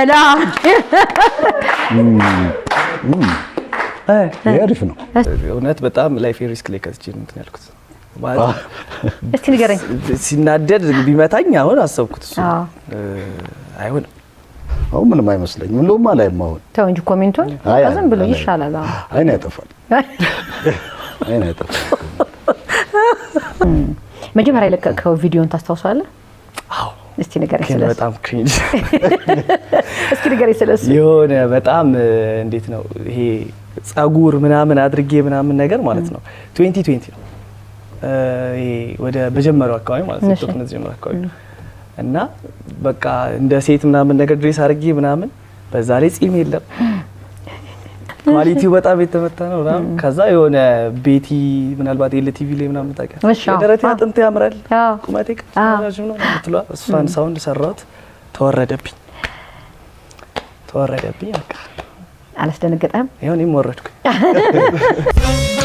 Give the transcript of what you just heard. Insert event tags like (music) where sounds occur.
ሰላም አሪፍ ነው። እውነት በጣም ላይፍ ሪስክ ላይ ከስቼ ነው እንትን ያልኩት። እስቲ ንገረኝ። ሲናደድ ቢመታኝ አሁን አሰብኩት እሱ አይሆንም። አሁን ምንም አይመስለኝም። እንደውም አላይም። አሁን ተው እንጂ ኮሜንቱን ዝም ብሎ ይሻላል። አይን ያጠፋል፣ አይን ያጠፋል። መጀመሪያ የለቀቀው ቪዲዮን ታስታውሳለህ? አዎ። እስቲ ንገረኝ። በጣም ክሪንጅ (laughs) ንገረኝ ስለሱ። የሆነ በጣም እንዴት ነው ይሄ ጸጉር ምናምን አድርጌ ምናምን ነገር ማለት ነው 2020 ትዌንቲ ነው ወደ በጀመረው አካባቢ ማለት ነው ቶክ ቶክነት ጀመረ አካባቢ እና በቃ እንደ ሴት ምናምን ነገር ድሬስ አድርጌ ምናምን በዛ ላይ ጺም የለም ኳሊቲው በጣም የተመታ ነው። ና ከዛ የሆነ ቤቲ ምናልባት የለ ቲቪ ላይ ምናምን ታውቂያለሽ፣ የደረቴ አጥንት ያምራል ቁመቴ ቀጭን ነው ምትሏ እሷን ሳውንድ ሰራሁት ተወረደብኝ። ተወረደብኝ። በቃ አላስደነገጠም? ይሁን ወረድኩኝ። (laughs)